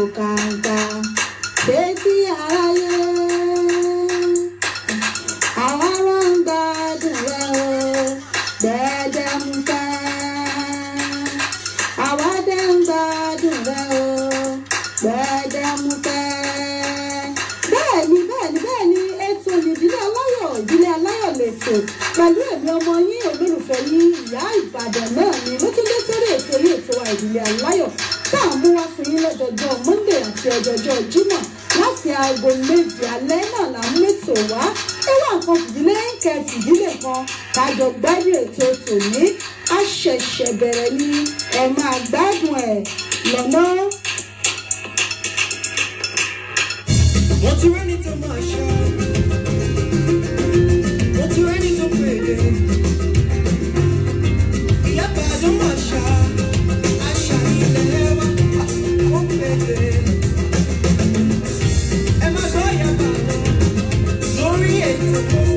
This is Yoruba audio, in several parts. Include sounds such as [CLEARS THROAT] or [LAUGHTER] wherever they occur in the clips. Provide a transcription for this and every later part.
diperlukan Thank you.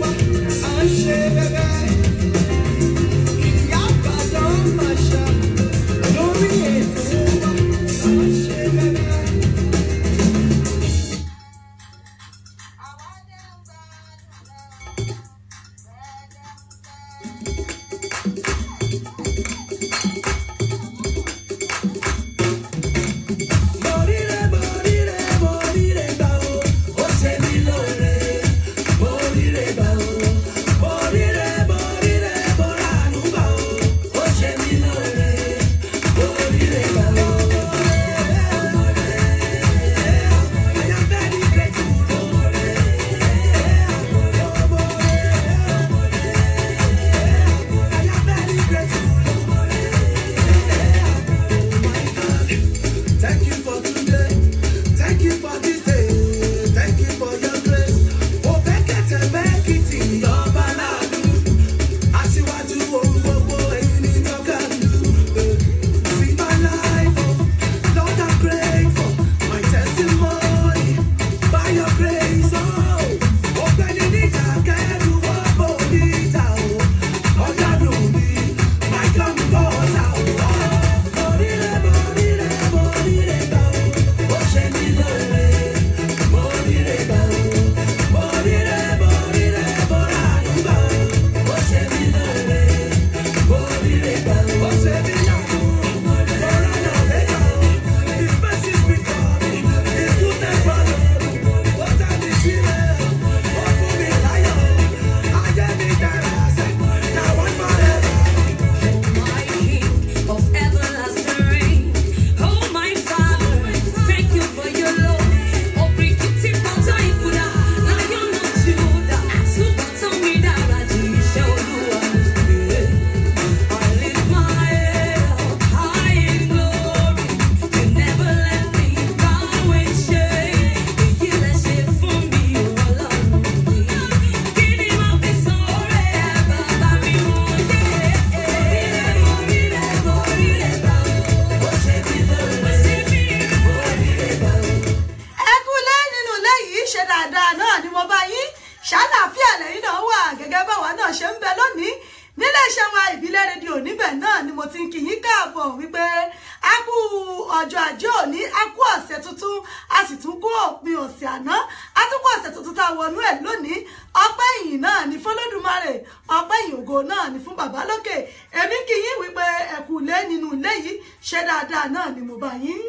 ṣé dáadáa náà ni mo bá yín.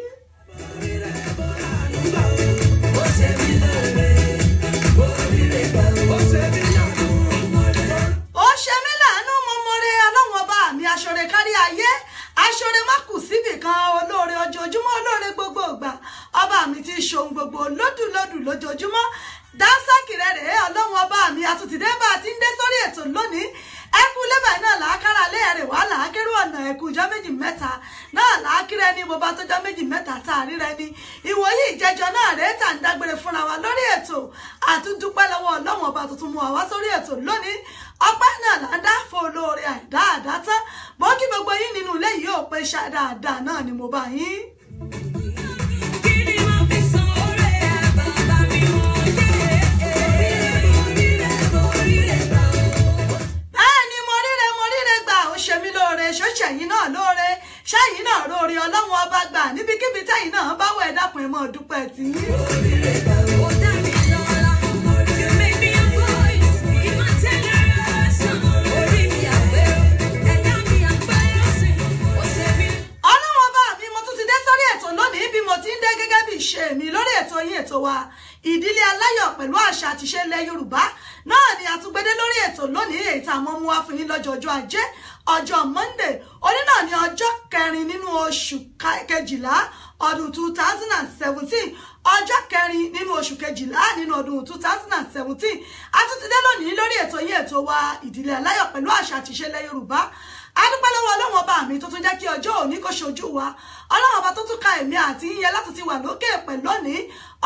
mú àwá sórí ètò lónìí fún yín lọ́jọ́ ọjọ́ ajé ọjọ́ monday òní náà ni ọjọ́ kẹrin nínú oṣù kejìlá ọdún two thousand and seventeen ọjọ́ kẹrin nínú oṣù kejìlá nínú ọdún two thousand and seventeen a tún ti dé lónìí lórí ètò yín ètò wa ìdílé aláyọ̀ pẹ̀lú àṣà àtìṣe ilẹ̀ yorùbá adúpẹ́ lọ́wọ́ ọlọ́run ọba mi tuntun jẹ́ kí ọjọ́ òní kó ṣojú wa ọlọ́run ọba tó tún ka èmi àti yíyẹ láti ti wà lókè pẹ̀ lónìí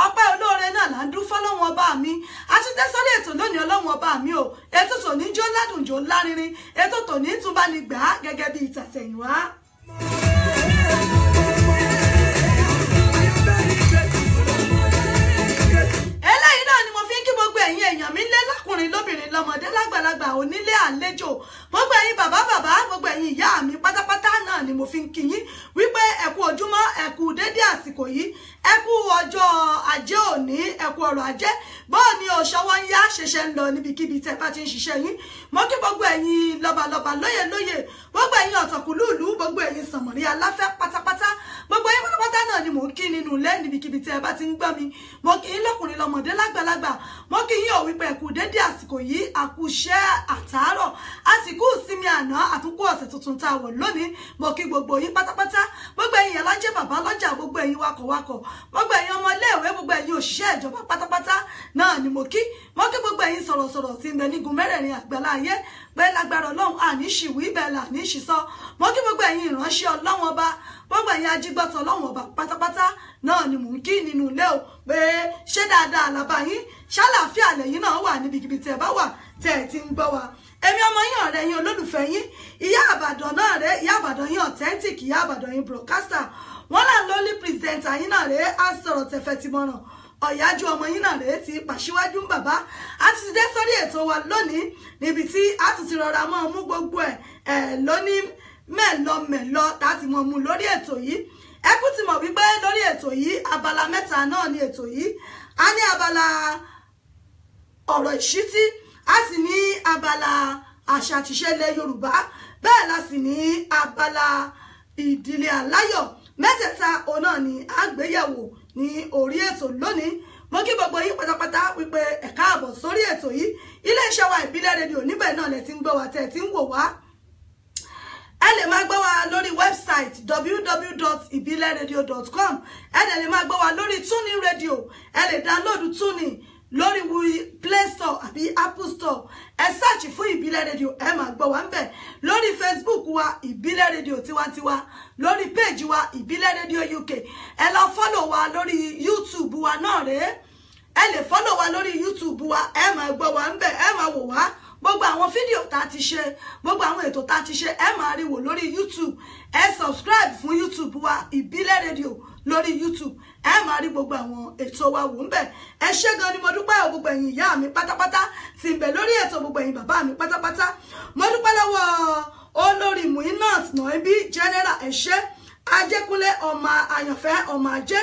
ọpẹ́ olóore náà là ń dún fọ́lọ́run ọba mi àtúntẹ́ sórí ètò lónìí ọlọ́run ọba mi o ètò tòní jó ládùn jó lárinrin ètò tòní túnbánigbà gẹ́gẹ́ bí ìtàtẹ̀yìnwá. lọ́mọdé lágbàlagbà onílé àlejò gbogbo ẹ̀yin bàbá bàbá gbogbo ẹ̀yin ìyá mi pátápátá náà ni mo fi ń kí yín wípé ẹ kú ojúmọ́ ẹ kú dédé àsìkò yìí ẹ kú ọjọ́ ajé òní ẹ kú ọrọ̀ ajé bọ́ọ̀ ni òṣọwọ́ ń yá ṣẹ̀ṣẹ̀ ń lọ níbikíbi tẹ́ bá ti ń ṣiṣẹ́ yín mo kí gbogbo ẹ̀yin lọ́balọ́ba lóye lóye gbogbo ẹ̀yin ọ̀tọ̀kùlùlù gbogbo ẹ̀yin sànmọ̀rí aláfẹ́ pátápátá gbogbo ẹ̀yin pátápátá náà ni mò ń kí nínú ilé níbikíbi tẹ́ bá ti ń gbọ́ mi mo kí yín lọ́kùnrin lọ́mọdé lágbàlagbà mo kí yín ò wípé ẹ dédé àsìkò yìí àkùṣẹ́ àtàárọ̀ àsìkò ìsinmi àná àtúnkù ọ̀sẹ̀ tuntun tá a wọ̀ lónìí mo kí gbogbo yín pátápátá gbogbo ẹ̀yin alájẹ́ bàbá lọ́jà gbogbo ẹ̀yin wakọ̀wakọ̀ gbogbo ẹ̀yin ọmọ iléèwé gbogbo ẹ̀yin òṣìṣẹ́ ìjọba pátápátá náà ni mo kí mo kí gbogbo ẹ̀yin sọ̀rọ̀sọ̀rọ̀ tí ń bẹ nígun mẹ́rẹ̀ẹ̀rin àgbàlá ayé bẹ́ẹ̀ lágbára ọlọ́run àní ṣìwí bẹ́ẹ̀ là ní ṣìsọ mo kí gbogbo ẹ̀yin ìránṣẹ́ ọlọ́run ọba gbogbo náà ni mò ń kí nínú ilé o pé ṣé dáadáa àlàbà yín ṣàlàáfíà lẹ́yìn náà wà níbikíbi tẹ́ ẹ bá wà tẹ́ ẹ ti ń gbọ́ wa èmi ọmọ yín ọ̀rẹ́ yín olólùfẹ́ yín ìyá àbàdàn náà rẹ ìyá àbàdàn yín authentic ìyá àbàdàn yín broadcaster wọn là ń lólí pírẹsẹńtà yín náà rẹ á sọ̀rọ̀ tẹ̀fẹ̀ tìmọ̀ràn ọ̀yájú ọmọ yín náà rèé ti pàṣíwájú bàbá a ti ti dé sórí ètò wa lónìí níbi tí a tún ti rọra mọ́ ọmú gbogbo ẹ̀ ẹ̀ lóní mẹ́lọmẹ́lọ tá mọ̀ mú lórí ètò yìí ẹ kú ti mọ̀ wípé lórí ètò yìí abala mẹ́ta náà ni ètò yìí a ní abala ọ̀rọ̀ ìṣítí a sì ní abala àṣà àtìṣe ilẹ̀ Yorùbá bẹ́ẹ̀ la sì ní abala ìdílé aláyọ̀ mẹ́tẹ̀ẹ̀ta òun náà ni a gbéyẹ̀wò ní orí ètò lónìí mo kí gbogbo yín pátápátá wípé ẹ káàbọ̀ sórí ètò yìí iléeṣẹ́ wa ìbílẹ̀ rédíò níbẹ̀ náà lẹ ti ń gbọ́ wa tẹ̀ ti ń wò wá ẹ lè máa gbọ́ wa lórí website www.ibileradio.com ẹ dẹ̀ lè máa gbọ́ wa lórí tuning radio ẹ lè download tuning lórí play store àbí apple store ẹ search fún ìbílẹ̀ radio ẹ máa gbọ́ wa ń bẹ̀ lórí facebook wa ìbílẹ̀ radio tiwantiwa lórí page wa ìbílẹ̀ radio uk ẹ lọ fọ́lọ̀ wa lórí youtube wa náà rèé ẹ lè fọ́lọ̀ wa lórí youtube wa ẹ máa gbọ́ wa ń bẹ̀ ẹ máa wò wá gbogbo àwọn fídíò tá a ti ṣe gbogbo àwọn ètò tá a ti ṣe ẹ máa rí wò lórí youtube ẹ subscribe fún youtube wa ìbílẹ̀ rédíò lórí youtube ẹ máa rí gbogbo àwọn ètò wa wò ń bẹ̀ ẹ ṣé gan ni mo dúpẹ́ gbogbo ẹ̀yin ìyá mi pátápátá tí ń bẹ lórí ètò gbogbo ẹ̀yin bàbá mi pátápátá mo dúpẹ́ lọ́wọ́ olórí muinat noibi general ẹ ṣé ajẹkúnlé ọmọ àyànfẹ́ ọmọ ajé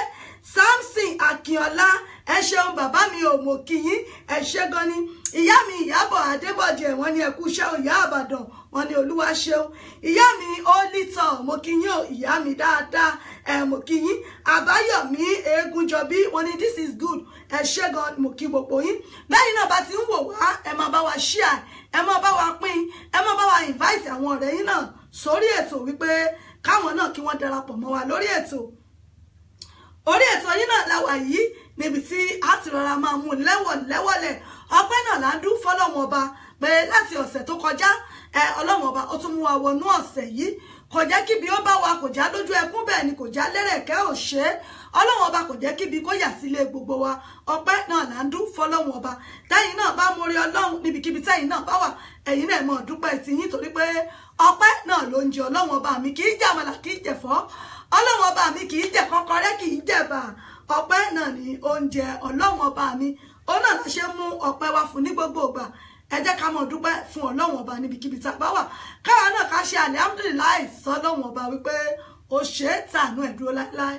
samson akínọlá ẹ ṣeun bàbá mi ò mọ̀ kí yín ẹ ṣe gan ni ìyá mi ìyábọ̀ adébọ̀jẹ̀ wọ́n ní ẹkú iṣẹ́ ìyá àbàdàn wọ́n ní olúwa ṣeun ìyá mi ó lítọ̀ mo kí yín o ìyá mi dáadáa ẹ mo kí yín àbáyọ̀mí eégúnjọbí wọ́n ní this is good ẹ ṣe gan mo kí gbogbo yín bẹ́ẹ̀ náà bá ti ń wò wá ẹ máa bá wa share ẹ máa bá wa pín ẹ máa bá wa invite àwọn ọ̀rẹ́ yín náà sórí ètò wípé káwọn náà kí wọ́n darapọ̀ mọ́ wa lórí ètò orí ètò yín náà la wà yìí níbi tí a ti rọra máa mú lẹ́wọ̀n lẹ́wọ̀lẹ̀ ọpẹ́ náà là ń dún fọlọ́wọ́n ọba pé láti ọ̀sẹ̀ tó kọjá ẹ ọlọ́wọ́n ọba ó tún mú wa wọnú ọ̀sẹ̀ yìí kò jẹ́ kíbi ó bá wa kò já lójú ẹkún bẹ́ẹ̀ ni kò já lẹ́rẹ̀kẹ́ òṣè ọlọ́wọ́n ọba kò jẹ́ kíbi kó yà sílé gbogbo wa ọpẹ́ náà là ń dún fọlọ́wọ́n ọba tẹ́yìn náà bá mórí ọlọ́run níbikíbi tẹ́yìn náà bá wà ẹ̀yin náà mọ̀ dúpẹ́ ti yín torí pé ọpẹ́ náà ló ń jẹ ọlọ́wọ́n ọba mi kì í jẹ àmàlà kì í jẹ̀fọ́ ọlọ́wọ́n ọba mi kì í jẹ kọ́kọ́rẹ́ kì í jẹ̀bà ọpẹ́ náà ní oúnjẹ ọlọ́run ọba mi òun náà la ṣe mú ọpẹ́ wá fún ní gbogbo ìgbà ẹ jẹ́ ká mọ̀ dúpẹ́ fún ọlọ́run ọba níbikíbi tá a bá wà káwa náà ká ṣe àlẹ́ alhamdulilayi sọ́lọ́run ọba wípé ó ṣe é tàánú ẹ̀ dúró láéláé.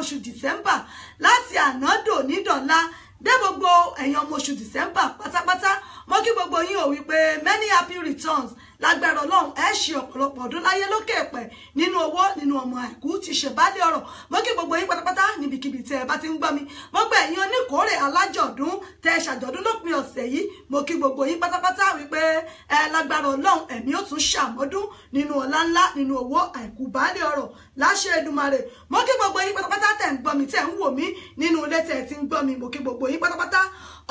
oṣù december láti ànádò nídọ̀lá dé gbogbo ẹ̀yàn ọmọ oṣù december pátápátá mo kí gbogbo yín ò wípé many happy returns lágbára ọlọ́run ẹ ṣe ọ̀pọ̀lọpọ̀ ọdún láyé lókè ẹ̀pẹ̀ nínú owó nínú ọmọ àìkú ti ṣèbálẹ̀ ọ̀rọ̀ mo kí gbogbo yín pátápátá níbikíbi tẹ́ ẹ bá ti ń gbọ́ mi mo gbọ́ ẹ̀yin oníkórè alájọ̀dún tẹ́ ẹ ṣàjọ̀dún lópin ọ̀sẹ̀ yìí mo kí gbogbo yín pátápátá wípé lágbára ọlọ́run ẹ̀mí ó tún ṣàmọ́dún nínú ọlá ńlá nínú owó àìkú baálé ọ̀rọ̀ láṣẹ Èdùmàrè mo kí gbogbo yín pátápátá tẹ̀ ń gbọ́ mi tẹ̀ ń wò mí nínú ilé tẹ̀ ti ń gbọ́ mi mo kí gbogbo yín pátápátá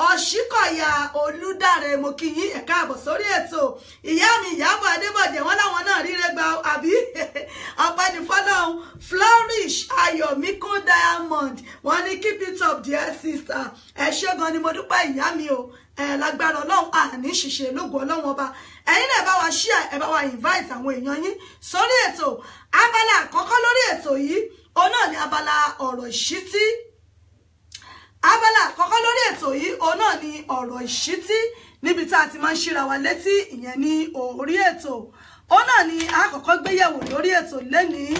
ọ̀ṣíkọ̀yà olúdàrẹ mo kí yín ẹ̀ka àbọ̀ sórí ètò ìyá mi ìyábọ̀ adébọ̀jẹ̀ wọn láwọn náà ríre gba àbí [LAUGHS] ọ̀pẹ́nifọ́lọ́hún flourish ayọ̀míkún diamond wọn ní keep it up dear sister ẹ ṣé gan ni mo dúpẹ́ ìyá mi o ẹ lágbára ọlọ́run àní ṣìṣe lógo ọlọ́run ọba ẹ̀yin náà bá wa share ẹ bá wa invite àwọn èèyàn yín sórí ètò abala àkọ́kọ́ lórí ètò yìí òun náà ni abala ọ̀rọ̀ ìṣítí abala àkọ́kọ́ lórí ètò yìí òun náà ni ọ̀rọ̀ ìṣítí níbi tá a ti máa ń ṣíra wa létí ìyẹn ní orí ètò òun náà ni àkọ́kọ́ gbéyẹ̀wò lórí ètò lénìí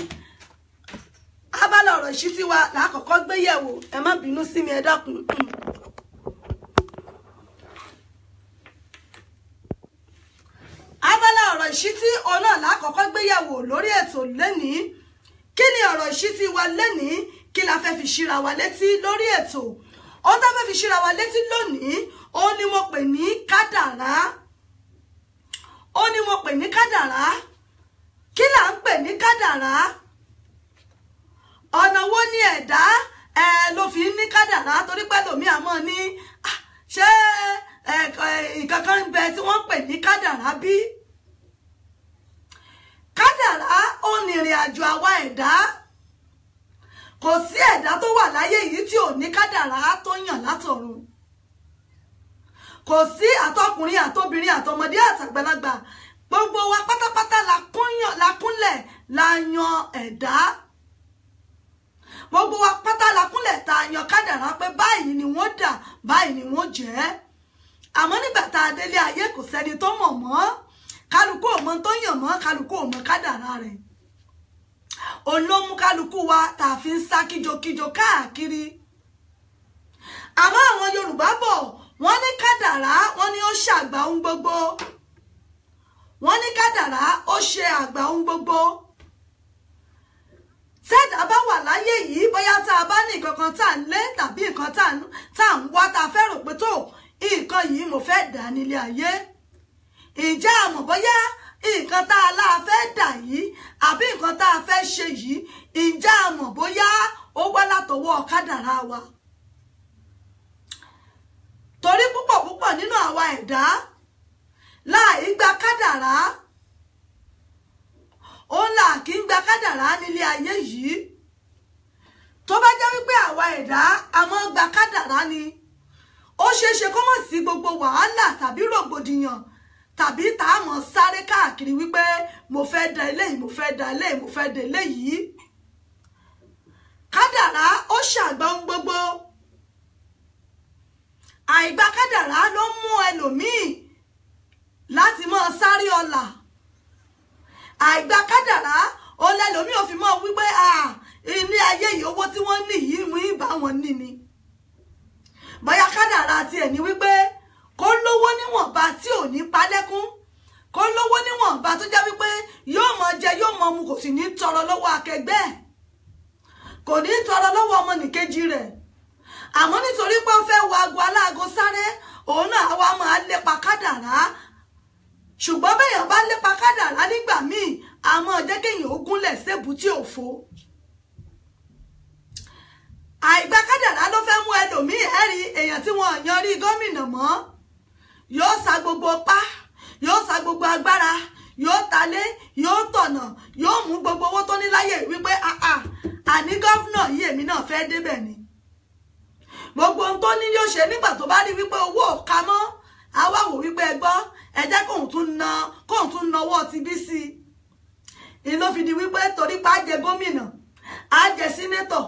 abala ọ̀rọ̀ ìṣítí wa làkọ́kọ́ gbéyẹ̀wò ẹ má bínú sí mi ẹ dákun ìṣítí ọlọ́ọ̀lá àkọ́kọ́ gbéyàwó lórí ètò lẹ́nìí kí ni ọ̀rọ̀ ìṣítí wa lẹ́nìí kí la fẹ́ fi ṣíra wa létí lórí ètò ohun tá fẹ́ fi ṣíra wa létí lónìí òun ni mo pè ní kádàrá ó ní mo pè ní kádàrá kí là ń pè ní kádàrá ọ̀nà wo ni ẹ̀dá ẹ ló fi ní kádàrá torí pé lòmí àmọ́ ní ah, ṣé nǹkan ń bẹ tí wọ́n ń pè ní kádàrá bí kádàrá ó ní ìrìn àjò àwa ẹ̀dá kò sí ẹ̀dá tó wà láyé yìí tí ò ní kádàrá tó yàn látọ̀run kò sí àtọkùnrin àtobìnrin àtọmọdé àtàgbàlagbà gbogbo wa pátápátá la kúnlẹ̀ la yan ẹ̀dá gbogbo wa pátá la kúnlẹ̀ ta yan kádàrá pé báyìí ni wọ́n dà báyìí ni wọ́n jẹ́ àmọ́ nígbà tá a délé ayé kò sẹ́ni tó mọ̀ mọ́ kálukú ọmọ tó yàn mọ́ kálukú ọmọ kádàrá rẹ̀ òun kálukú wa tá a fi ń sá kíjokíjo káàkiri àmọ́ àwọn Yorùbá bọ̀ wọ́n ní kádàrá wọ́n ní ó ṣàgbà ohun gbogbo wọ́n ní kádàrá ó ṣe àgbà ohun gbogbo tẹ́dà bá wà láyé yìí bóyá tá a bá ní nǹkan kan tá à ń lé tàbí nǹkan tá à ń wá tá a fẹ́ rò pé tó nǹkan yìí mo fẹ́ dà nílé ayé ìjà àmọ̀ bóyá nǹkan tá a láà fẹ́ dà yìí àbí nǹkan tá a fẹ́ ṣe yìí ìjà àmọ̀ bóyá ó wá látọwọ́ kádàrá wa torí púpọ̀ púpọ̀ nínú àwa ẹ̀dá láì gba kádàrá òun là kí ń gba kádàrá nílé ayé yìí tó bá jẹ́ wípé àwa ẹ̀dá a máa ń gba kádàrá ni ó ṣeé ṣe kó mọ̀ sí gbogbo wàhálà tàbí rògbòdìyàn tàbí tá a mọ̀ sáré káàkiri wípé mo fẹ́ da eléyìí mo fẹ́ da eléyìí mo fẹ́ da eléyìí kádàrá ó ṣàgbá ohun gbogbo àìgbà kádàrá ló mú ẹlòmíì láti mọ sáré ọlà àìgbà kádàrá ó lẹlòmíì ò fi mọ wípé ilé ayé yìí owó tí wọ́n ní yìí mú ìbá wọn ní ni bóyá kádàrá tiẹ̀ ní wípé kó lówó níwọ̀nba tí ò ní palẹ́kún kó lówó níwọ̀nba tó jẹ́ wípé yóò mọ jẹ yóò mọ mu kò sì ní tọrọ lọ́wọ́ akẹgbẹ́ ẹ̀ kò ní tọrọ lọ́wọ́ ọmọnìkejì rẹ̀ àmọ́ nítorí pé ó fẹ́ wọ aago aláago sáré òun náà àwa máa lépa kádàrá ṣùgbọ́n bẹ́yàn bá lépa kádàrá nígbà míì a máa jẹ́ kéèyàn ó gúnlẹ̀ sébùtì òfo àìgbà kádàrá ló fẹ́ mú ẹlòmíì ẹ̀rí èèyàn tí wọ́n yan gómìnà mọ́ yóò sa gbogbo pa yóò sa gbogbo agbára yóò talé yóò tọ̀nà yóò mú gbogbo owó tó ní láyè wípé àní gọ́fúnà yìí èmi náà fẹ́ débẹ̀ ni gbogbo ohun tó ní yóò ṣe nígbà tó bá rí wípé owó ka mọ́ àwa wípé ẹ ẹ jẹ́ kóun tún na kóun tún nawọ́ ti bí sí i ló fi di wípé torí pa á jẹ gómìnà á jẹ sínétọ̀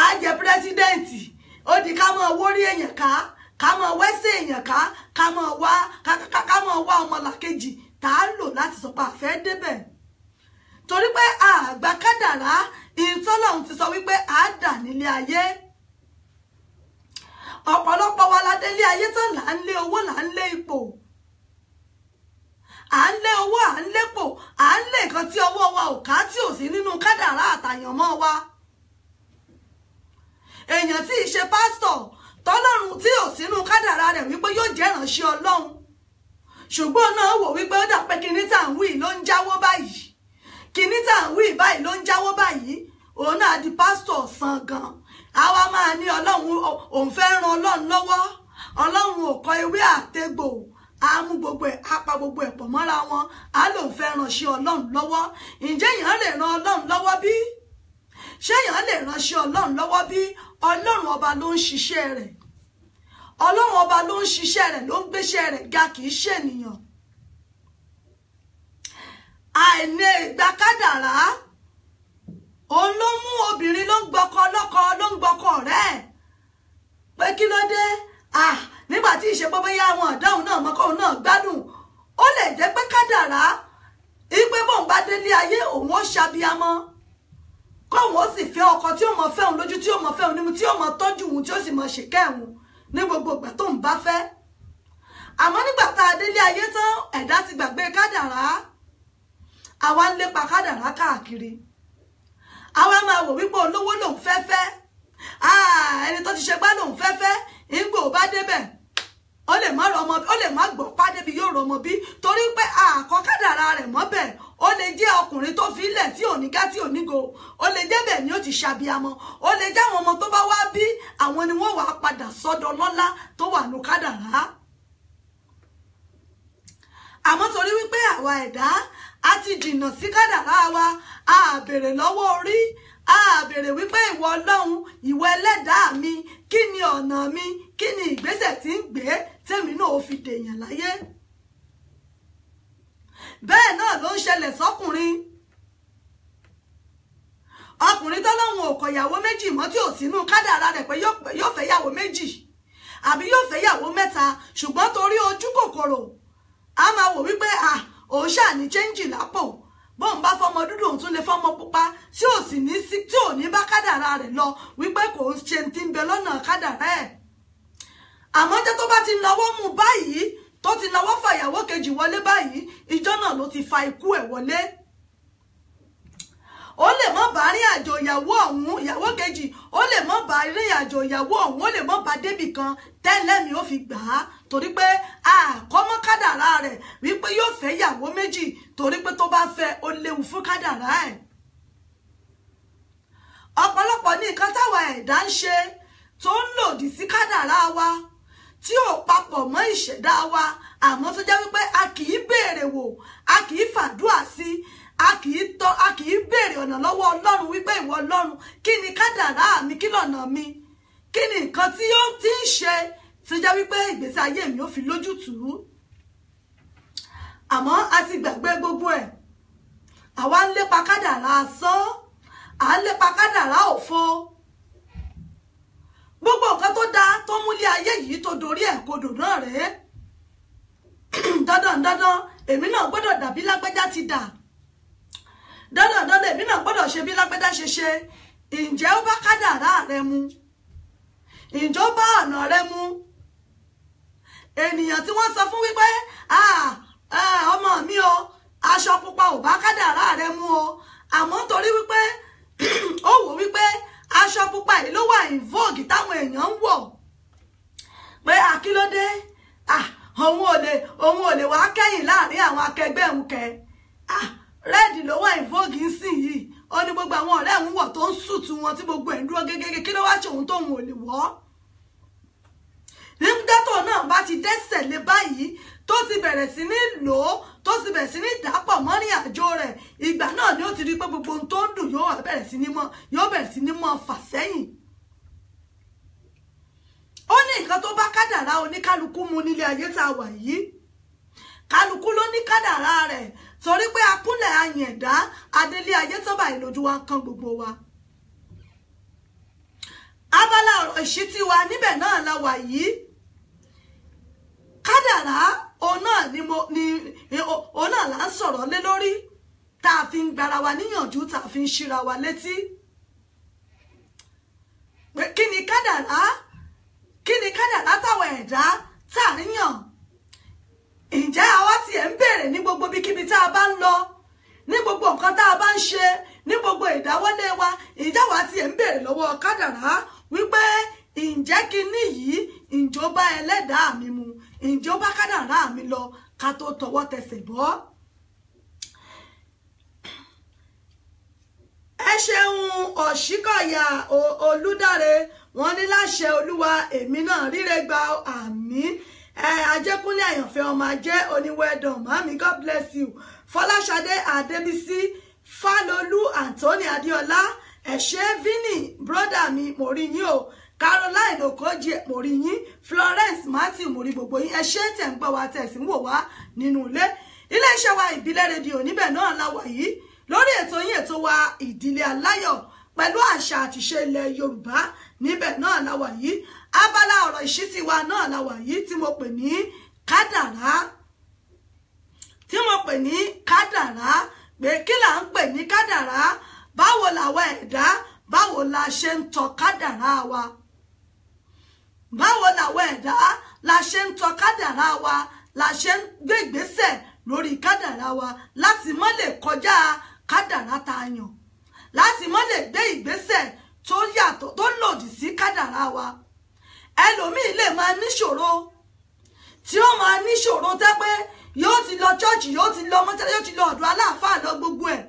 á jẹ pírẹsidẹ́ǹtì ó di ká mọ́ owó rí èèyàn ká ká mọ wẹ́sẹ̀ èèyàn ká ká mọ wá ká mọ wá ọmọlàkejì tá a lò láti sọ pé àfẹ́ débẹ̀ torí pé àgbà kádàrá ìtọ́lọ́hún ti sọ wípé a dà nílé ayé ọ̀pọ̀lọpọ̀ wa la délé ayé tán là ń lé owó là ń lé ipò à ń lé owó à ń lépò à ń lé nǹkan tí ọwọ́ wa ò ká tí ò sí nínú kádàrá àtàyànmọ́ wa èèyàn tí ì ṣe pásítọ̀ tọ́lọ́run tí ò sínú kádàrá rẹ̀ wípé yóò jẹ́ ìránṣẹ́ ọlọ́run ṣùgbọ́n náà wò wípé ó dà pé kinní tá à ń wí ló ń jáwọ́ báyìí kinní tá à ń wí báyìí ló ń jáwọ́ báyìí òun náà di pásítọ̀ san gan àwa máa ní ọlọ́run òun fẹ́ ran ọlọ́run lọ́wọ́ ọlọ́run ò kọ ewé àtegbò a mú gbogbo ẹ̀ a pa gbogbo ẹ̀ pọ̀ mọ́ra wọn a lòun fẹ́ ránṣẹ́ ọlọ́run lọ́wọ́ ǹjẹ́ èèyàn lè ran ọlọ́run lọ́wọ́ bíi ṣéèyàn lè ránṣẹ́ ọlọ́run lọ́wọ́ bí ọlọ́run ọba ló ń ṣiṣẹ́ rẹ̀ ọlọ́run ọba ló ń ṣiṣẹ́ rẹ̀ ló ń gbéṣẹ́ rẹ̀ ga kì í ṣènìyàn àìní ìgbà kádàrá òun ló mú obìnrin ló ń gbọkọ lọkọ ló ń gbọkọ rẹ pé kí ló dé ah nígbà tí ìṣepọ bóyá àwọn ọdáhùn náà mọkọhùn náà gbádùn ó lè jẹ́ pé kádàrá ipe bóun bá délé ayé òun ó ṣàbíamọ kóun ó sì fẹ́ ọkọ tí ó mọ fẹ́ òun lójú tí ó mọ fẹ́ òun nímú tí ó mọ tọ́jú òun tí ó sì mọ ṣèkẹ́ òun ní gbogbo ìgbà tó ń bá fẹ́ àmọ́ nígbà tá a délé ayé tán ẹ̀dá ti gbàgbé kádàrá àwa ń lépa kádàrá káàkiri àwa máa wò wípé olówó lòun fẹ́ fẹ́ ah, ẹni tó ti ṣe gbá lòun fẹ́ fẹ́ ìgbò bá débẹ̀ ó lè má gbọ́ pádé bí yóò rọmọ bí torí pé àkọ́kádàrá rẹ̀ mọ́bẹ̀ O lè jẹ́ ọkùnrin tó fi ilẹ̀ tí òníká tí ònígo ó lè jẹ́ bẹ́ẹ̀ ni ó ti ṣàbíamọ ó lè jẹ́ àwọn ọmọ tó bá wá bí àwọn ni wọ́n wàá padà sọ́dọ̀ lọ́lá tó wà ló kádàrá àmọ́ torí wípé àwa ẹ̀dá a ti jìnnà sí kádàrá wa a béèrè lọ́wọ́ orí a béèrè wípé ìwọ ọlọ́run ìwọ ẹlẹ́dàá mi kí ni ọ̀nà mi kí ni ìgbésẹ̀ tí ń gbé tèmi náà ó fi dèèyàn láyé bẹ́ẹ̀ náà ló ń ṣẹlẹ̀ sọ́kùnrin ọkùnrin tó lóun ò kọ̀yàwó méjì mọ́ tí ò sínú kádàrá rẹ̀ pé yóò fẹ́ yàwó méjì àbí yóò fẹ́ yàwó mẹ́ta ṣùgbọ́n torí ojú kòkòrò a máa wò wípé à òun ṣáà ní chẹ́ńjì lápò bóun bá fọmọ dúdú òun tún lè fọmọ pupa tí ò sì ní sí tí ò ní bá kádàrá rẹ̀ lọ wípé kò ń ṣe ti ń bẹ lọ́nà kádàrá ẹ̀ àmọ́ jẹ́ tó bá ti náwó mu báyìí tó ti lọ́wọ́ fàyàwó kejì wọlé báyìí ìjọ náà ló ti fa ikú ẹ̀ wọlé ó lè mọ bá rìn àjò ìyàwó ọ̀hún ìyàwó kejì ó lè mọ bá rìn àjò ìyàwó ọ̀hún ó lè mọ bá débì kan tẹ́lẹ̀ mi ó fi gbà á torí pé àkọ́mọ́ kádàrá rẹ̀ wípé yóò fẹ́ ìyàwó méjì torí pé tó bá fẹ́ ó léwu fún kádàrá ẹ̀ ọ̀pọ̀lọpọ̀ ní nǹkan táwa ẹ̀dá ń ṣe tó ń lòdì sí kádàrá wa tí ò papọ̀ mọ́ ìṣẹ̀dá wa àmọ́ tó jẹ́ wípé a kì í béèrè wò a kì í fàdúà sí a kì í tọ́ a kì í béèrè ọ̀nà lọ́wọ́ ọlọ́run wípé ìwọ ọlọ́run kí ni kádàrá mi kí lọ̀nà mi kí ni nǹkan tí ó ti ń ṣe tó jẹ́ wípé ìgbésí ayé mi ò fi lójútùú àmọ́ a ti gbàgbé gbogbo ẹ̀ àwa ń lépa kádàrá asán à ń lépa kádàrá òfo gbogbo nǹkan tó dáa tó múlé ayé yìí tó dorí ẹ̀ kodò náà rèé [CLEARS THROAT] dandan dandan èmi náà gbọ́dọ̀ dàbí lágbájá ti dà dandan dandan èmi náà gbọ́dọ̀ ṣe bí lágbájá ṣe ṣe ǹjẹ́ ó bá kádàrá rẹ mu ǹjẹ́ ó bá ọ̀nà rẹ mu ènìyàn tí wọ́n sọ fún wípé ọmọ mi o aṣọ pupa ò bá kádàrá rẹ mu o àmọ́ torí wípé [CLEARS THROAT] ó wò wípé aṣọ pupa yìí ló wà in vogue táwọn èèyàn ń wọ̀ pé àkílódé òun ò lè òun ò lè wá kẹ́yìn láàrin àwọn akẹgbẹ́ òun kẹ rẹ́ẹ̀dì ló wà in vogue ń sìn yìí ó ní gbogbo àwọn ọ̀rẹ́ òun wọ̀ tó ń sùtù wọn tí gbogbo ẹ̀ ń dúró gégége kí ló wá ṣe òun tóun ò lè wọ̀ nígbà tó náà bá ti dẹ́sẹ̀ lé báyìí tó ti bẹ̀rẹ̀ sí ní lò ó tó ti bẹ̀rẹ̀ sí ní dàpọ̀ mọ́ ní àjò rẹ̀ ìgbà náà ni ó ti rí pé gbogbo ohun tó ń dùn yóò bẹ̀rẹ̀ sí ní mọ́ yóò bẹ̀rẹ̀ sí ní mọ́ fà sẹ́yìn ó ní nǹkan tó bá kádàrá oníkálukú mu nílé ayé tá a wà yìí kálukú ló ní kádàrá rẹ̀ torí pé akúnlẹ̀ àyẹ̀dá adélé ayé tó báyìí lójú wa kan gbogbo wa abala ọ̀rọ̀ ìṣítí wa níbẹ̀ náà la wà yìí kádàrá òun náà ni mo ni òun náà là ń sọ̀rọ̀ lé lórí tá a fi ń gbara wa níyànjú tá a fi ń ṣíra wa létí pé kí ni kádàrá kí ni kádàrá táwọn ẹ̀dá tá a ríyàn ǹjẹ́ àwa tiẹ̀ ń bèrè ní gbogbo ibikíbi tá a bá ń lọ ní gbogbo nǹkan tá a bá ń ṣe ní gbogbo ìdáwọ́lé wa ǹjẹ́ àwa tiẹ̀ ń bèrè lọ́wọ́ kádàrá wípé ǹjẹ́ kinní yìí ìjọba ẹlẹ́dàá mi ǹjẹ́ ó bá kádàrá mi lọ ká tó tọwọ́ tẹsẹ̀ bọ́. ẹ ṣeun ọ̀ṣíkọ̀yà olúdáre wọn ní láṣẹ olúwa èmi náà ríre gba àmì ẹ àyànfẹ́ ọmọ ajé oníwẹdàn mami god bless you fọláṣadé adébísí fálọlú anthony adéọlá ẹ ṣé vini broda mi mo rí yín o Caroline Okoje mo rí Florence Matthew mo rí gbogbo yín ẹ ṣé tẹ̀ ń gbọ́ wa tẹ̀ sí ń wò wá nínú ilé iléeṣẹ́ wa ìbílẹ̀ rédíò níbẹ̀ náà la wà yìí lórí ètò yín ètò wa ìdílé aláyọ̀ pẹ̀lú àṣà àtìṣe ilẹ̀ Yorùbá níbẹ̀ náà la yìí abala ọ̀rọ̀ ìṣítí wa náà la wà yìí tí mo pè ní kádàrá tí mo pè ní kádàrá pé kí là ń pè ní kádàrá báwo làwọn ẹ̀dá báwo la ṣe ń tọ kádàrá wa báwo làwọn ẹ̀dá la ṣe ń tọ kádàrá wa la ṣe ń gbé ìgbésẹ̀ lórí kádàrá wa láti má lè kọjá kádàrá tá a yàn láti má lè gbé ìgbésẹ̀ tó yàtọ̀ tó lòdì sí kádàrá wa ẹlòmíì lè máa níṣòro tí ó máa níṣòro tẹ́pẹ́ yóò ti lọ chọ́ọ̀chì yóò ti lọ mọ́tẹ́lẹ́ yóò ti lọ ọ̀dọ̀ aláàfáà lọ gbogbo ẹ̀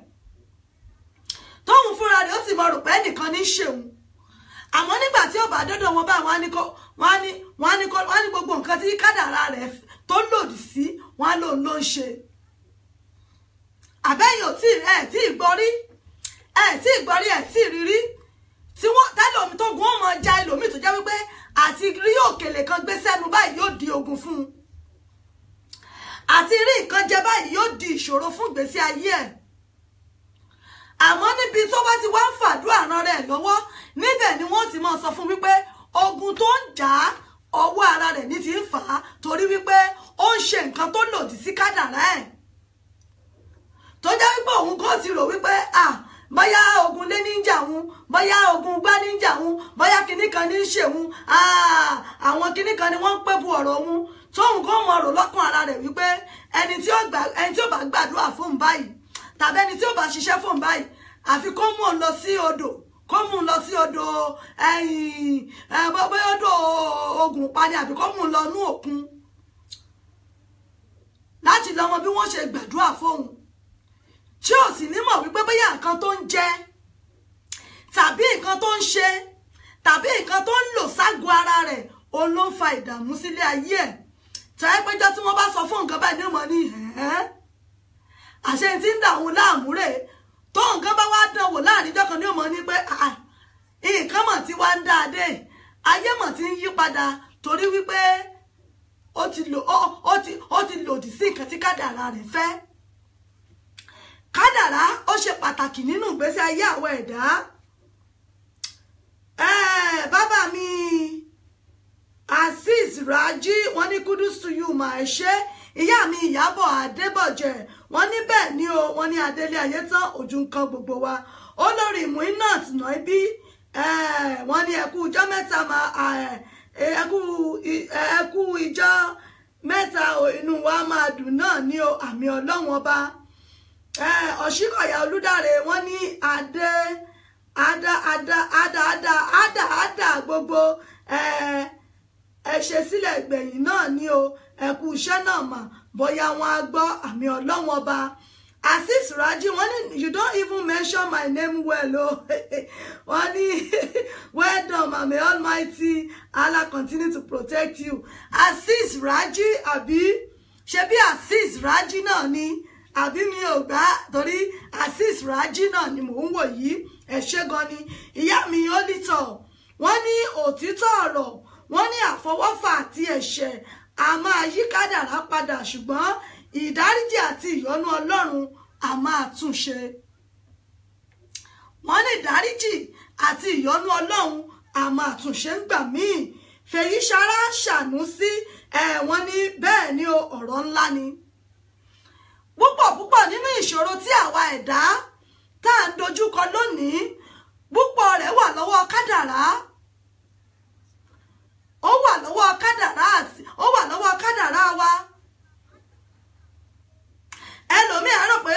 tóun fúnra rẹ̀ ó sì mọ rò pé ẹnìkan ní ṣeun àmọ́ nígbà tí ó bá dọ́dọ̀ wọn báyìí wọ́n á ní kó wọ́n á ní wọ́n á ní kó wọ́n á ní gbogbo nǹkan tí kádàrá rẹ̀ tó lòdì sí wọ́n á lò ló ń ṣe àbẹ́yìn ò tí ẹ̀ tí ì gbọ́ rí ẹ̀ tí ì gbọ́ rí ẹ̀ tí ì rí rí tí wọ́n tẹ́lómi tó gun ó mọ ja ẹlòmíì tó jẹ́ wípé àti rí òkèlè kan gbé sẹ́nu báyìí yóò di ogun fún un àti rí nǹkan jẹ báyìí yóò di ìṣòro fún ìgbésí ayé ẹ̀ àmọ́ níbi tó bá ti wá ń fàdúrà ran rẹ̀ lọ́wọ́ níbẹ̀ ni wọ́n ti máa sọ fún wípé ogun tó ń jà á ọwọ́ ara rẹ̀ ní ti ń fà á torí wípé ó ń ṣe nǹkan tó lòdì sí kádàrá ẹ̀ tó jẹ́ wípé òun kò ti rò wípé à bóyá ogun lé ní jà òun bóyá ogun gbá ní jà òun bóyá kinní kan ní ṣe òun àwọn kinní kan ni wọ́n ń pè bu ọ̀rọ̀ òun tóun kò mọ̀ rò lọ́kàn ara rẹ̀ wípé ẹni tí ó bá gbàdúrà fún báyìí tàbí ẹni tí ó bá ṣiṣẹ́ fóun báyìí àfi kó mú un lọ sí odò kó mú un lọ sí odò ẹ̀yìn bóyá odò ogun parí àbí kó mú un lọ nú òkun láti lọ mọ bí wọ́n ṣe gbàdúrà fóun tí ò sì nímọ̀ wípé bóyá nǹkan tó ń jẹ tàbí nǹkan tó ń ṣe tàbí nǹkan tó ń lò ságọ́ ara rẹ̀ òun ló ń fa ìdààmú sílé ayé ẹ̀ tẹ́ pẹ́jọ́ tí wọ́n bá sọ fún nǹkan báyìí ní mọ̀ ní ẹ̀ẹ́ àṣẹ tí ń dà òun láàmú rè tó nǹkan bá wá dán wò láàrin ìjọ kan ní òmò ní pé nǹkan mọ̀ tí wá ń dáa dé ayé mọ̀ tí ń yí padà torí wípé ó ti lòdì sí nǹkan tí kádàrá rẹ̀ fẹ́ kádàrá ó ṣe pàtàkì nínú ìgbésí ayé àwọn ẹ̀dá bàbá mi Azeez Raji wọn ní kúdùsù to you, ẹ ṣe ìyá mi Ìyábọ̀ Adébọ̀jẹ̀ wọ́n ní bẹ́ẹ̀ ni o wọ́n ní adélé ayé tán ojú nǹkan gbogbo wa olórí Muinat Noibi wọ́n ní ẹkú ijọ́ mẹ́ta máa ẹkú ijọ́ mẹ́ta inú wa máa dùn náà ní o àmì ọlọ́wọ́n ọba ọ̀ṣíkọ̀yà olúdáre wọ́n ní adé ada ada ada ada ada ada gbogbo ẹ ṣe sílẹ̀ gbẹ̀yìn náà ni o ẹ̀kú iṣẹ́ náà mà bóyá wọn á gbọ́ àmì ọlọ́run ọba asis raji wọn ní you don't even mention my name well o [LAUGHS] wọn ní [LAUGHS] well done mami almighty allah continue to protect you asis raji Abi. ṣebí asis raji náà ni àbí mi ò gbá torí asis raji náà ni mò ń wò yìí ẹ ṣé gan ni ìyá mi ó lítọ̀ wọ́n ní òtítọ́ ọ̀rọ̀ wọ́n ní àfọwọ́fà àti ẹ̀ṣẹ̀ a máa yí kádàrá padà ṣùgbọ́n ìdáríjì àti ìyọ́nú ọlọ́run a máa tún ṣe wọ́n ní ìdáríjì àti ìyọ́nú ọlọ́run a máa tún ṣe ń gbà míì fèyíṣará ṣàánú sí ẹ̀wọ̀n ní bẹ́ẹ̀ ni ọ̀rọ̀ ńlá ni púpọ̀ púpọ̀ nínú ìṣòro tí àwa ẹ̀dá tá à ń dojúkọ lónìí púpọ̀ rẹ̀ wà lọ́wọ́ kádàrá ó wà lọ́wọ́ kádàrá àti ó wà lọ́wọ́ kádàrá wa ẹlòmíì á rò pé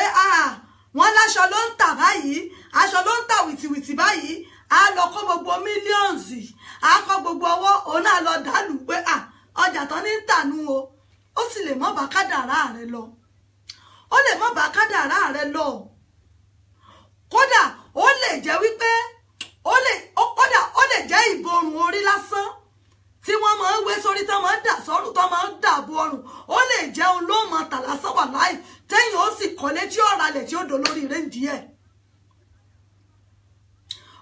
wọ́n láṣọ ló ń tà báyìí aṣọ ló ń tà wìtìwìtì báyìí á lọ kó gbogbo mílíọ̀nsì á kó gbogbo ọwọ́ òun náà lọ dàlù pé ọjà tán ní tànú o ó sì lè má bá kádàrá rẹ lọ ó lè má bá kádàrá rẹ lọ kódà ó lè jẹ́ wípé ó lè kódà ó lè jẹ́ ìborùn orí lásán tí wọ́n máa ń wé sórí tán máa ń dà sọ́rùn tán máa ń dàbò ọrùn ó lè jẹ́ ohun ló mọ tàlásán wà láì téèyàn ó sì kọ́lé tí ó ralẹ̀ tí ó dò lórí réǹdí ẹ̀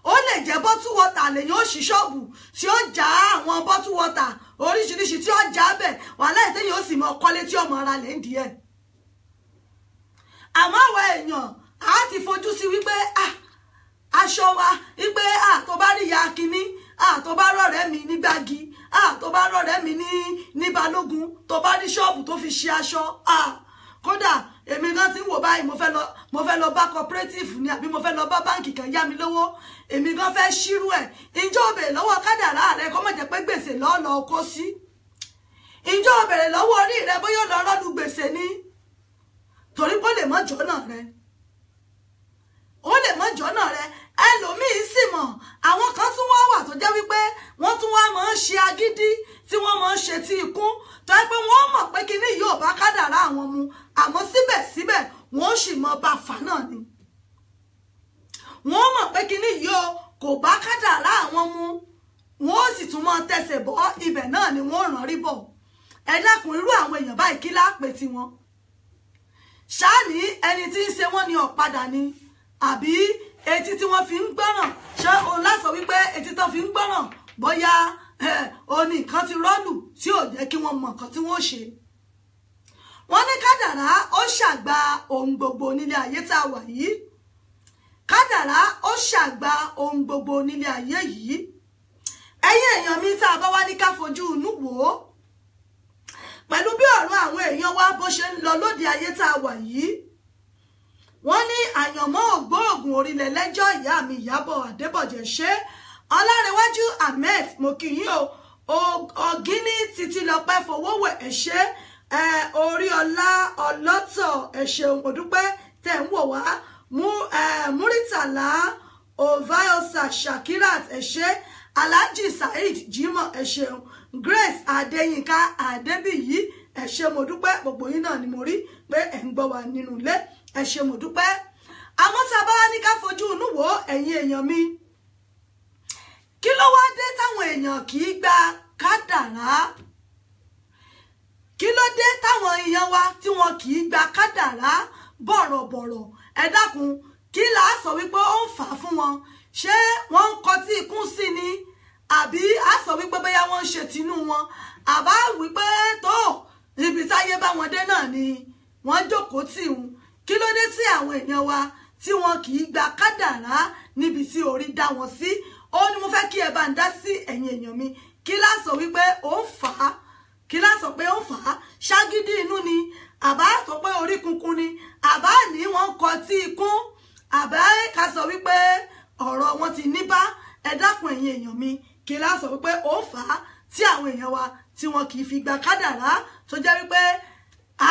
ó lè jẹ́ bọ́tú wọ́tà lèyìn ó ṣí ṣọ́ọ̀bù tí ó já àwọn bọ́tú wọ́tà oríṣiríṣi tí ó já bẹ̀ wà láì téèyàn ó sì mọ kọ́lé tí ọmọ ralẹ̀ ń di ẹ̀ àmọ́ àwọn èèyàn á ti fojú sí wípé ah aṣọ wa wípé ah tó bá rí ìyá kínní ah tó bá rọ̀rẹ́ mi nígbàgì ah tó bá rọ̀rẹ́ mi ní ní balógun tó bá ní ṣọ́ọ̀bù tó fi ṣe aṣọ ah kódà èmi gan ti ń wò báyìí mo fẹ́ lọ mo fẹ́ lọ bá cooperative ni àbí mo fẹ́ lọ bá báǹkì kan yá mi lówó èmi gan fẹ́ ṣírú ẹ̀ ìjọ òbèrè lọ́wọ́ kádàrá rẹ kó má jẹ́ pé gbèsè lọ́ọ̀lọ́ kó sí ìjọ òbèrè lọ́wọ́ orí rẹ bóyá lọ rọ́dún gbèsè ni torí kó lè mọ́ jọ́nà rẹ ó lè mọ́ jọ́nà rẹ ẹlòmíín sì mọ̀ àwọn kan tún wá wà tó jẹ́ wípé wọ́n tún wá máa ń ṣe agídí tí wọ́n máa ń ṣe ti ikún tó jẹ́ pé wọ́n mọ̀ pé kinní yóò bá kádàrá àwọn mu àmọ́ síbẹ̀síbẹ̀ wọ́n sì mọ bá fà náà ni wọ́n mọ̀ pé kinní yóò kò bá kádàrá àwọn mu wọ́n sì tún máa tẹsẹ̀ bọ́ ibẹ̀ náà ni wọ́n ràn rí bọ̀ ẹ dákun irú àwọn èèyàn báyìí kí láàpẹ tiwọn ṣáà ní ẹni tí ń ṣe wọ́n ní ọ̀padà ni àbí etí tí wọ́n fi ń gbọ́ràn ṣé o lásọ wípé etí tán fi ń gbọ́ràn bóyá òní nǹkan ti rọ́ọ̀lù tí ò jẹ́ kí wọ́n mọ nǹkan tí wọ́n ṣe wọ́n ní kádàrá ó ṣàgbà ohun gbogbo nílé ayé tá a wà yìí kádàrá ó ṣàgbà ohun gbogbo nílé ayé yìí ẹ̀yin èèyàn mi tá a bá wá ní ká fojú inú wò ó pẹ̀lú bí ọ̀rọ̀ àwọn èèyàn wa bó ṣe ń lọ lóde ayé tá a wà yìí wọ́n ní àyànmọ́ ògbóògùn orílẹ̀ lẹ́jọ́ ìyá mi ìyábọ̀ àdébọ̀jẹ̀ ṣe ọlárẹ̀wájú ahmed mo kì í o ọ̀gíní títí lọ́pẹ́ fowówẹ̀ ẹ̀ṣẹ́ orí ọlá ọlọ́tọ̀ ẹ̀ṣẹ̀ òmòdúpẹ́ tẹ̀ ń wò wá múrítàlá ovaosa shakirat ẹ̀ṣẹ́ alhaji saheed jimoh ẹ̀ṣẹ̀ grace adéyínká adébíyí ẹ̀ṣẹ̀ mo dúpẹ́ gbogbo yín náà ni mo rí pé ẹ̀ ń gbọ́ wa nínú ilé ẹ ṣé mo dúpẹ́ àmọ́ tá a bá wá ní ká fojú inú wo ẹ̀yin èèyàn mi kí ló wá dé táwọn èèyàn kì í gba kádàrá kí ló dé táwọn èèyàn wa tí wọn kì í gba kádàrá bọ̀rọ̀bọ̀rọ̀ ẹ dákun kí là á sọ wípé ó ń fà á fún wọn ṣé wọ́n ń kọtí ikún sí ni àbí á sọ wípé bóyá wọ́n ń ṣe tinú wọn àbá wípé tó ibi táyé bá wọn dé náà ni wọ́n jókòó tì ń kí ló dé tí àwọn èèyàn wa tí wọn kì í gba kádàrá níbi tí orí dá wọn sí ó ní mo fẹ́ kí ẹ bá ń dá sí ẹ̀yin èèyàn mi kí lásọ wípé ó ń fà á kí lásọ pé ó ń fà á ṣágídí inú ni àbá sọ pé orí kunkun ni àbá ní wọn kọ tí ikún àbá ká sọ wípé ọ̀rọ̀ wọn ti níbá ẹ dákun ẹ̀yin èèyàn mi kí lásọ wípé ó ń fà á tí àwọn èèyàn wa tí wọn kì í fi gba kádàrá tó jẹ́ wípé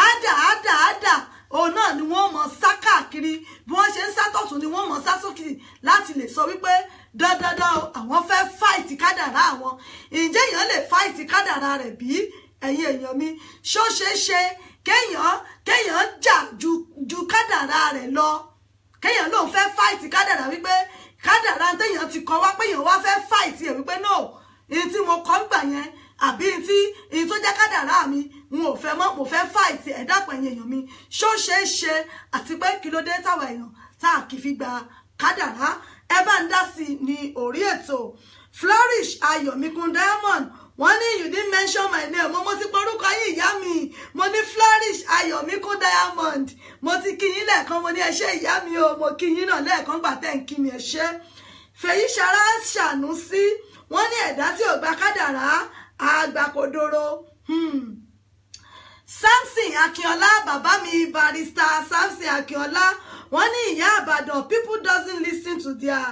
àádà àádà àádà òun náà ni wọ́n mọ̀ sá káàkiri bí wọ́n ṣe ń sá tọ̀tún ni wọ́n mọ̀ sá sókè láti lè sọ wípé dandandan àwọn fẹ́ fáìtì kádàrá àwọn ǹjẹ́ èèyàn lè fáìtì kádàrá rẹ̀ bí ẹ̀yin èèyàn mi ṣó ṣeé ṣe kéèyàn kéèyàn jà ju ju kádàrá rẹ̀ lọ kéèyàn lòun fẹ́ fáìtì kádàrá wípé kádàrá téèyàn ti kọ wá pé èèyàn wá fẹ́ fáìtì ẹ̀ wípé no ìyẹn tí mo kọ́ ń gbà yẹn àbí ìyẹn tó jẹ́ kádàrá mi n ò fẹ́ mọ́ mo fẹ́ fight ẹ̀dá pẹ̀yìn èèyàn mi ṣó ṣeé ṣe àti pé kí ló dé táwọn èèyàn tá a kì í fi gba kádàrá ẹ bá ń dá sí i ní orí ètò flourish ayọ̀míkun diamond wọ́n ní you didn't mention my name mo mo ti porúkọ yín ìyá mi mo ní flourish ayọ̀míkun diamond mo ti kí yín lẹ́ẹ̀kan mo ní ẹ ṣé ìyá mi o mo kí yín náà lẹ́ẹ̀kan gbà tẹ́ ń kí mi ẹ ṣé fèyí sara ṣàánú sí wọ́n ní ẹ̀dá tí ò gba kádàrá àgbàkodoro. Hmm samson akínọlá bàbá mi barista samson akínọlá wọ́n ní ìyá àbàdàn people doesn't listen to their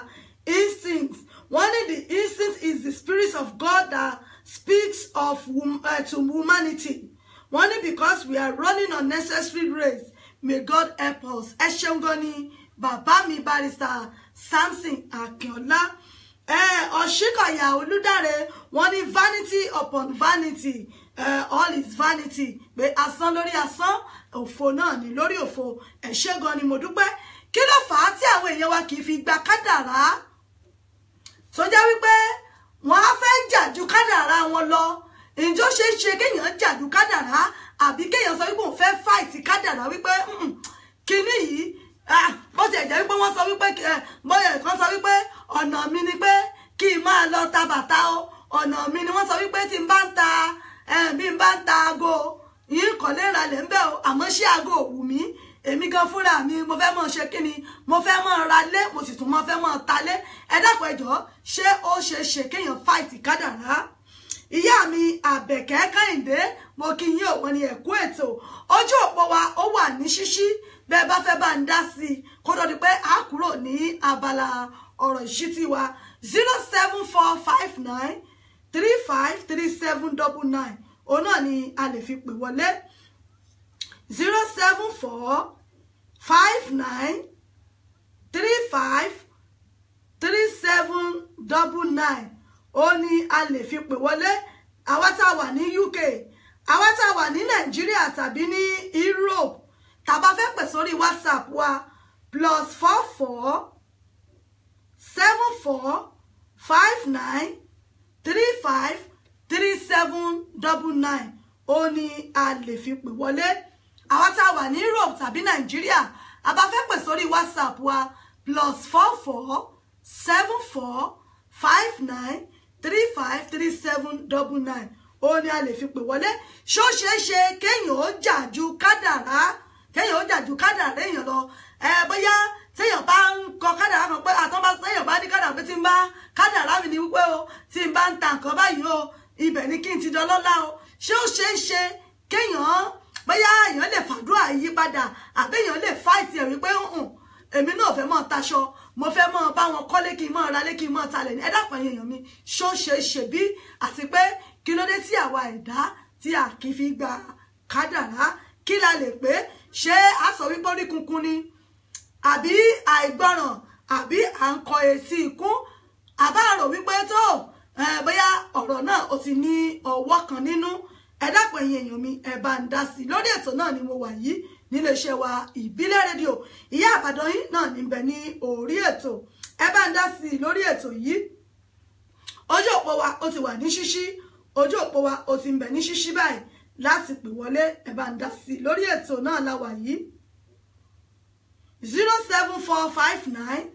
instincts wọ́n ní the instinct is the spirit of God that speaks of uh, to humanity wọ́n ní because we are running unnecessary race may God help us ẹ ṣeun gan ni bàbá mi barista samson akínọlá eh, ọ̀ṣíkọ̀yà olúdáre wọ́n ní vanity upon vanity Eh, all is vanity pé asán lórí asán òfò náà ni lórí òfò ẹ ṣé gan ni mo dúpẹ́ kí ló fà á tí àwọn èèyàn wa kì í fi gba kádàrá tó jẹ́ wípé wọ́n á fẹ́ jà ju kádàrá wọn lọ ǹjọ́ ṣe é ṣe kéèyàn jà ju kádàrá àbí kéèyàn sọ wípé òun fẹ́ fáìtì kádàrá wípé kíní yìí ah, bó ti ẹ̀jẹ̀ wípé wọ́n sọ wípé eh, bóyá kan sọ wípé ọ̀nà mi ni pé kí n máa lọ ta bàtà o ọ̀nà mi ni wọ́n sọ wípé tí n bá ń ta bí n bá ń ta aago yìí kọ́lé ìralẹ̀ ń bẹ̀ o àmọ́ ṣé aago wù mí èmi gan fúnra mi mo fẹ́ mọ̀ ṣe kí ni mo fẹ́ mọ̀ ra lé mo sì tún mọ̀ fẹ́ mọ̀ ta lé ẹ dákun ẹ ṣé ó ṣe ṣe kéèyàn fáìtì kádàrá ìyá mi àbẹ̀kẹ́ kẹ́hìndé mo kí yín òun ni ẹ̀kú ètò ojú òpó wa ó wà ní ṣíṣí bẹ́ẹ̀ bá fẹ́ bá ń dá sí i kó tó di pé a kúrò ní abala ọ̀rọ̀ ìṣítí wa zero seven four five nine three five three seven double nine òun náà ni a lè fi pè wọlé zero seven four five nine three five three seven double nine òun ni a lè fi pè wọlé àwa tá a wà ní UK àwa tá a wà ní Nàìjíríà tàbí ní Europe tàbá fẹ́ pè sórí WhatsApp wa plus four four seven four five nine three five three seven double nine ó ní a lè fi pè wọlé àwọn tá a wà ní Europe tàbí Nàìjíríà a bá fẹ́ pè sórí WhatsApp wa plus four four seven four five nine three five three seven double nine ó ní a lè fi pè wọlé ṣó ṣeé ṣe kéèyàn ó jà ju kádàrá kéèyàn ó jà ju kádàrá èèyàn lọ ẹ bóyá téèyàn bá ń kọ kádàrá kan pé àtọ́ bá téèyàn bá ní kádàrá pé tí n bá kádàrá mi ni wípé o tí n bá ń ta nǹkan báyìí o ibẹ̀ ni kí n ti dọlọ́lá o ṣé ó ṣeé ṣe kéèyàn bóyá èèyàn lè fàdúrà yípadà àbí èèyàn lè fáìtì ẹ̀ wípé èmi náà fẹ́ mọ́ taṣọ mo fẹ́ mọ́ bá wọn kọ́lé kí n mọ́ ra lé kí n mọ́ talẹ̀ ní ẹ̀dá èèyàn mi ṣó ṣe ṣe bí àti pé kí ló dé tí àwa ẹ̀dá tí a kì í fi gba kádàrá kí la lè pé ṣé a wípé orí kunkun ni àbí àìgbọràn àbí à ń kọ etí ikún àbá rò wípé tó bóyá ọ̀rọ̀ náà ó ti ní ọwọ́ kan nínú ẹ dápọ̀ ẹ̀yin èèyàn mi ẹ bá ń dá sí i lórí ètò náà ni mo wà yìí níléeṣẹ́ wa ìbílẹ̀ rédíò ìyá àbàdàn yìí náà níbẹ̀ ní orí ètò ẹ bá ń dá sí i lórí ètò yìí ojú òpó wa ó ti wà ní ṣíṣí ojú òpó wa ó ti ń bẹ ní ṣíṣí báyìí láti pè wọlé ẹ bá ń dá sí i lórí ètò náà la yìí zero seven four five nine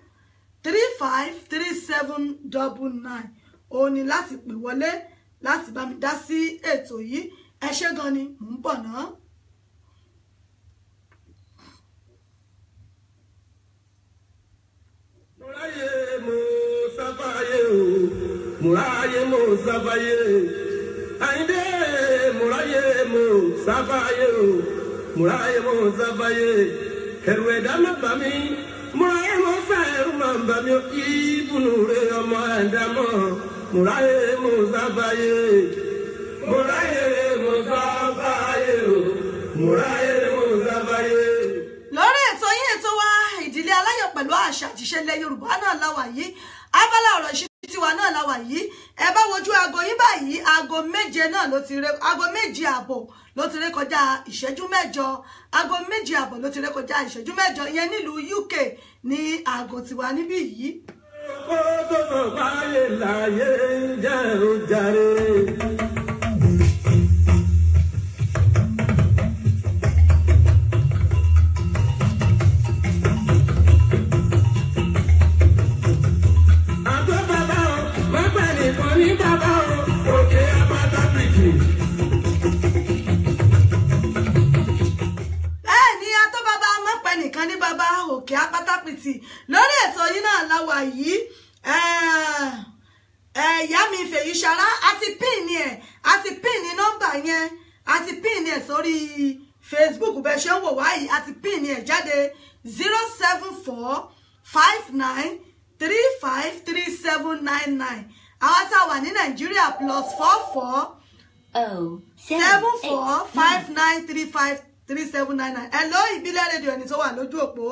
three five three seven double nine òun ni láti pè wọlé láti bá mi dá sí ètò yìí ẹ ṣé gan ni mò ń bọ̀ náà. múráyé mo sábàyé o múráyé mo sábàyé àyíndé múráyé mo sábàyé o múráyé mo sábàyé ẹ̀rù ẹ̀dá má bà mí múra yẹ mọ fẹ́ ẹ̀rù má bà mí ìbùnú rẹ ọmọ ẹ̀dá mọ̀ múra yẹ mọ sábàyè múra yẹ mọ sábàyè o múra yẹ mọ sábàyè. lórí ètò yín ètò wa ìdílé aláyọ̀ pẹ̀lú àṣà àti ìṣẹ̀lẹ̀ Yorùbá náà láwàyé abala ọ̀rọ̀ ìṣ tiwa náà la wà yìí ẹ bá wojú aago yín báyìí aago méje náà ló ti ré aago méje ààbò ló ti ré kọjá ìṣẹ́jú mẹ́jọ aago méje ààbò ló ti ré kọjá ìṣẹ́jú mẹ́jọ ìyẹn nílùú UK ní aago tiwa níbí yìí. ó tó bọ̀ wáyé láyé jẹ́ òjàre. pìtì lórí ètò yìí náà la wà yìí ẹ̀yà mi fèyí ṣara àti pin ẹ̀ àti pin nọ́mbà yẹn àti pin ẹ̀ sórí Facebook bẹ́ẹ̀ ṣe ń wò wáyìí àti pin ẹ̀ jáde zero seven four five nine three five three seven nine nine àwọn tá a wà ní Nàìjíríà plus four four oh, seven four five nine three five three seven nine nine hello Ìbílẹ̀ rédíò ẹni tó wà lójú òpó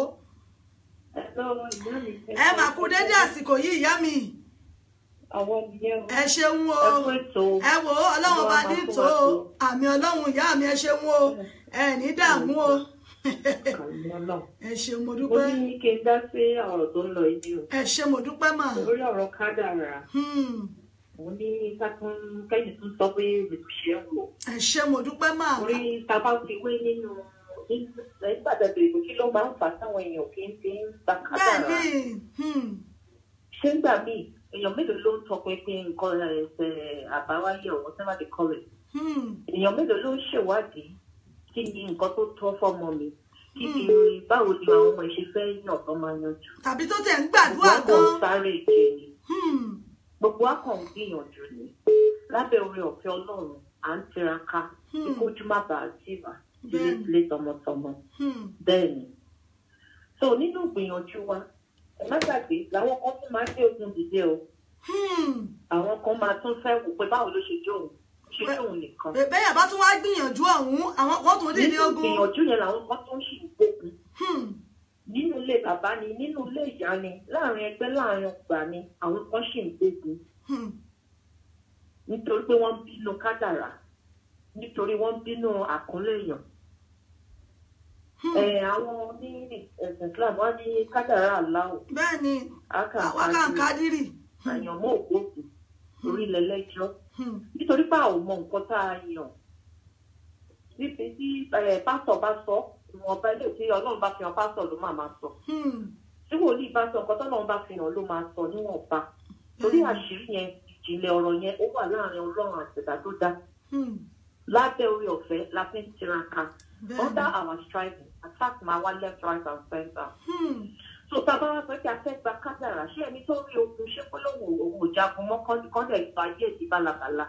ẹ mà kú dédé àsìkò yìí ìyá mi ẹ ṣeun o ẹ wò ó ọlọ́run bá ní tó àmì ọlọ́run ìyá mi ẹ ṣeun o ẹ ní dààmú o ẹ ṣe mo dúpẹ́. ẹ ṣe mo dúpẹ́ mà. Hmm. mo ní kákan kẹ́yìn tún sọ pé rìpìṣẹ́ wò. ẹ mo dúpẹ́ mà. orí tá bá fi wé nínú kí nígbà tẹ bèrè pé kí ló máa ń fà táwọn èèyàn kì í fi ń gba kádàrá hmm. ṣé gbà míì èèyàn mélòó ló ń tọpinpin nǹkan ẹsẹ̀ àbáwáyé ọ̀wọ́ tí wọ́n ti kọ́ rẹ̀ hmm. èèyàn mélòó ló ń ṣèwádìí kí ni nǹkan tó tọ́ fọ́mọ mi kí ni hmm. báwo ni àwọn ọmọ ìṣe fẹ́ yàn tó máa yanjú. tàbí tó tẹ̀ ń gbàdúrà gan. gbogbo akọ̀ sáré ìjẹ ni gbogbo akọ̀ ń gbìyànjú ni lábẹ́ orin ọ̀fẹ́ ọlọ́run à ń tiraka kí kójú má bàa sí wa ilé tilé tọmọtọmọ hmm. bẹ́ẹ̀ ni so nínú ìgbìyànjú wa ẹ má gbàgbé làwọn kan tún máa gbé ogun dìde o hmm. àwọn kan máa tún fẹ́ wò pé báwo ló ṣe jó òun ṣe jó òun nìkan. bẹ́ẹ̀ bá tún wá gbìyànjú ọ̀hún àwọn kan tún dìde ogun. nínú ìgbìyànjú yẹn làwọn kan tún ṣì ń gbógun hmm. nínú ilé bàbá ni nínú ilé ìyá ni láàrin ẹgbẹ́ láàrin ọgbà ni àwọn kan ṣì ń gbógun nítorí pé wọ́n bínú kádàrá nítorí wọ́n bínú àkọlé èèyàn Hmm. Eh, àwọn ní ẹ̀sìn Islam wọ́n ní kádàrá aláwọ̀. bẹ́ẹ̀ni àwa kàn kádìrì. Hmm. àyànmọ́ òkòtù orílẹ̀ hmm. lẹ́jọ́ nítorí pé àwọn ọmọ nǹkan tá a yàn níbi tí eh, pásọ̀ bá sọ ìwọ̀nba ilé tí ọlọ́run bá fi hàn pásọ̀ ló máa máa sọ tí wòlíì bá sọ nǹkan tọ́lọ́run bá fi hàn ló máa sọ níwọ̀nba torí àṣírí yẹn ìjìnlẹ̀ ọ̀rọ̀ yẹn ó wà láàrin ọlọ́run àtẹ̀dá tó dá lábẹ́ orí ọ̀fẹ́ la fi ń tiraka under our striving attack my one left right and center. Hmm. so tá a bá wá sọ pé a fẹ́ gba kádàrà ṣé ẹni tó rí ogun ṣé kó lóun òun ò jagun mọ́ kọ́ńdẹ̀ ìtọ́ ayé èdè bálabàla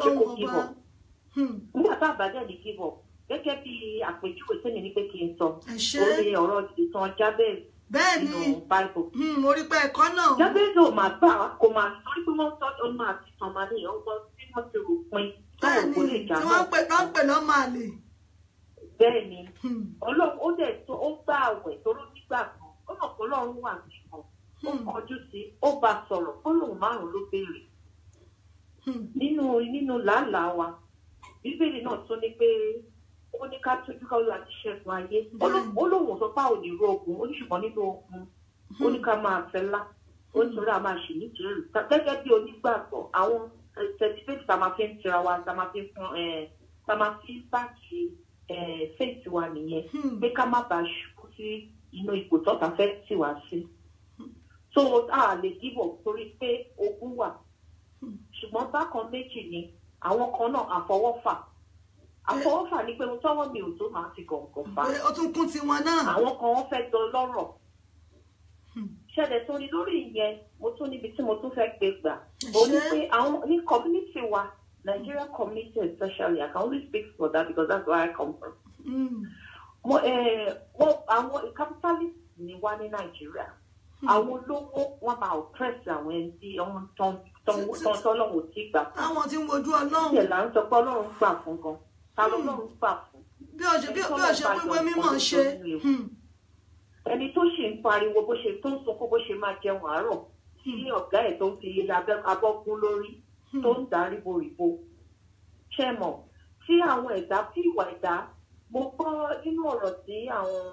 ṣé kó give up. Hmm. nígbà tá a bá dẹ̀ ní give up gẹ́gẹ́ bí àpèjúwe sẹ́ni ní pé kí n sọ orí ọ̀rọ̀ ìtàn jábẹ́ẹ̀ bẹ́ẹ̀ni hmm, mo rí pé ẹ̀kọ́ náà. jábẹ́ẹ̀ni ò máa gbà kó máa sọ pé wọ́n sọ ọ́n máa ti tàn máa ní ọgbọ́n tí wọ́n ti rò pin. bẹ́ẹ̀ni tí wọ́n pè lọ́ọ́ pè lọ́ọ́ máa lè bẹ́ẹ̀ ni hmm. ọlọ́run ó dẹ̀ tó ó gbà àwẹ̀ tó ló nígbà kan ó mọ̀ pé ọlọ́run wà nìkan ó hmm. kọjú sí ó bá sọ̀rọ̀ ó lòun márùn ló béèrè hmm. nínú nínú làálàá wa bíbélì náà tún ní pé ó ní ká tójú ká láti ṣẹ́gun ayé ó lóun sọ pé àwọn onírú ogun ó ní ṣùgbọ́n nínú ogun ó ní ká máa fẹ́ lá ó ní sọ́ra máa ṣì ní jẹ́rù gẹ́gẹ́ bí onígbàgbọ́ àwọn certificate eh, tá a máa fi ń tira wa tá a máa fi ń eh, báàkì Eh, fèsì wa nìyẹn hmm. pé ká má bàa ṣubú sí inú ipò tọ́ta fẹ́ tì wá o so a lè dìbò torí pé ogún wà hmm. ṣùgbọ́n bákan méjì ni àwọn kan náà àfọwọ́fà àfọwọ́fà ni pé tọ́wọ́ mi ò tó máa fi gọ̀ǹgọ̀ fà eh, ó tún kún tiwọn náà àwọn kan wọ́n fẹ́ dán lọ́rọ̀ hmm. ṣẹlẹ̀ tó ní lórí ìyẹn mo tún níbi tí mo tún fẹ́ gbé gbà ó ní pé àwọn ní community wa. Nigerian community especially, I can only speak for that because that's where I come from. Mm. Mo, eh, well, àwọn capitalist ni wá ní Nàìjíríà. Hmm. Àwọn olówó wọn máa oppress àwọn ẹni tí wọ́n tán tọ́lọ́run ò tí gbà fún. Àwọn tí ń wojú Ọlọ́run. Ṣé là ń sọ pé Ọlọ́run gbà fún gan? Ta lọ́lọ́run hmm. gbà fún? Bí ọ̀ṣẹ́ bí ọ̀ṣẹ́ wíwé mímọ̀ ṣe. Hmm. Ẹni tó ṣì ń pariwo bó ṣe tó ń sunkún bó ṣe máa jẹun àárọ̀ sí ọ̀gá ẹ̀ tó ń fi abọ́kún lórí tó ń dá ríboríbo ṣe mọ̀ tí àwọn ẹ̀dá tí ìwà ẹ̀dá mo gbọ́ nínú ọ̀rọ̀ tí àwọn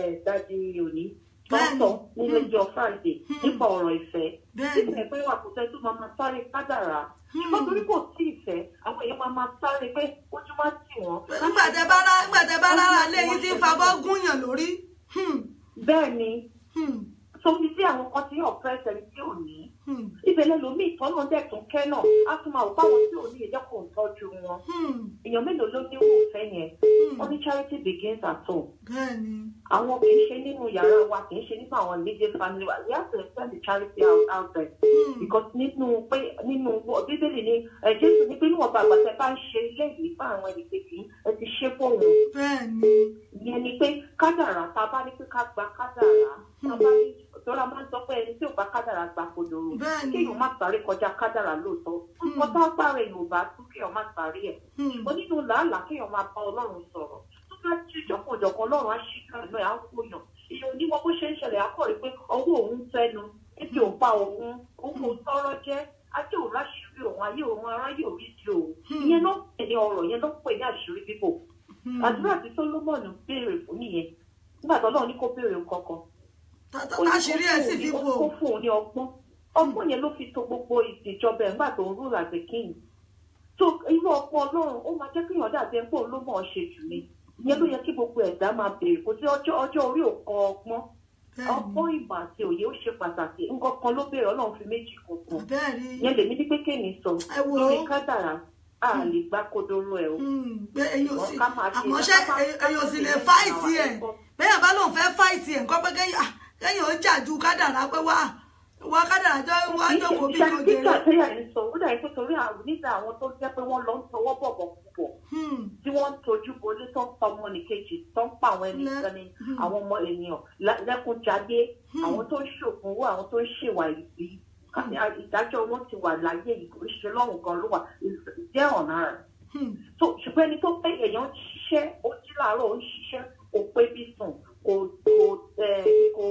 ẹ̀dájì òní tó ń sọ nínú ìjọ hmm. Friday hmm. nípa ọ̀rọ̀ ìfẹ́ síbẹ̀ pé wà kò sẹ́ tó máa máa sáré kádàrá hmm. ṣùgbọ́n torí kò sí ìfẹ́ àwọn èèyàn máa máa sáré pé ojú máa tì wọ́n. ńgbàtẹ́ bá rárá ńgbàtẹ́ bá rárá lẹ́yìn tí ń fabọ́ gúnyàn lórí. bẹ́ẹ̀ ni torí bí àwọn kan ti hàn pẹ́ẹ́sẹ̀ ní tí ò ní. ìbẹ̀lẹ̀ lomi ìtọ́nà dẹ̀ tún kẹ́ náà á tún máa wò báwọn tí ò ní ẹjọ́ kò ń tọ́jú wọn. Hmm. èèyàn mélòó ló ní wò fẹ́ yẹn hmm. wọ́n ní charity begins at home. àwọn kì í ṣe nínú yàrá wa kì í ṣe nínú àwọn immediate family wa we have to extend the charity out out there. Hmm. because nínú pé nínú bíbélì ni eh, jésù ní pé níwọ̀n bàbá tẹ bá ń ṣe ilé yìí fún àwọn ẹnìkejì ẹ ti ṣe fóun. ìyẹn ni pé kádàrá tá a bá ní pé ká gba kádàrá tá a bá ní tọ́lá máa ń sọ pé ẹni tí ò bá kádàrà gbà kò lòrò kí èèyàn má parí kọjá kádàrà lóòótọ́ wọn hmm. bá gbàrà èèyàn bá tún kí èèyàn má parí ẹ̀ onínú hmm. làálàá kí èèyàn máa bá ọlọ́run sọ̀rọ̀ tó bá jí ìjọkànjọkàn ọlọ́run á ṣí kàánú ẹ̀ á kó yàn èèyàn onímọ̀ bó ṣe ń ṣẹlẹ̀ á kọ̀ rí pé ọwọ́ òun fẹ́nu ebi ò pa òun òun ò tọrọ jẹ́ ajé òun láṣìírí òun ayé òun aráyé òun ti òun ìyẹn ló pè ní ọ̀rọ̀ yẹn ló pè ní àṣírí bíbò hmm. àdúrà tí Sólómọ́nì béèrè fún nìyẹn nígbà tó Ọlọ́run ní kó béèrè nǹkan kan táṣírí ẹ̀ sì fi bò. ó fún òun ní ọgbọ́n ọgbọ́n yẹn ló fi to gbogbo ìṣèjọba ẹ̀ nígbà tó ń rúra the king so irú ọ̀pọ̀ ọlọ́run ó máa jẹ́ kí èèyàn dàbí ẹgbẹ́ òun ló mọ̀ ọ́ ṣe jù ni ìyẹn ló yẹ kí gbogbo ẹ̀dá máa béèrè kò sí ọjọ́ orí òkọ ọgbọ́n ọgbọ́n ìmọ̀ àti òye ó ṣe pàtàkì nǹkan kan ló béèrè ọlọ́run fi méjì kankan yẹn lèmi ní pé kéènì sọ a hmm. lè gbá kodoro ẹ o. Hmm. àmọ́ ṣé èyí ò sì lè fáìtì kéèyàn ó ju kádàrá pé wá wá kádàrá jọ wá jókòó bí kan jẹrẹ. ìgbà tí ẹ̀ sọ ó dà pé àwọn nígbà àwọn tó jẹ́ pé wọ́n lọ ń tọwọ́ bọ̀bọ̀ púpọ̀ hmm. tí wọ́n ń tojú bolé tó ń pa ọmọ nìkejì tó ń pa àwọn ẹnìkan ni hmm. àwọn ọmọ ènìyàn lẹ́kúnjadé hmm. àwọn tó ń ṣògùn owó àwọn tó ń ṣèwà ìlú ìdájọ́ wọn ti wà láyé ìṣe lọ́rùn kan ló wà jẹ́ ọ̀nà rẹ̀. ṣùgbọ́n ẹni tó pé èèyàn ṣiṣẹ́ ó kò kò eh, kò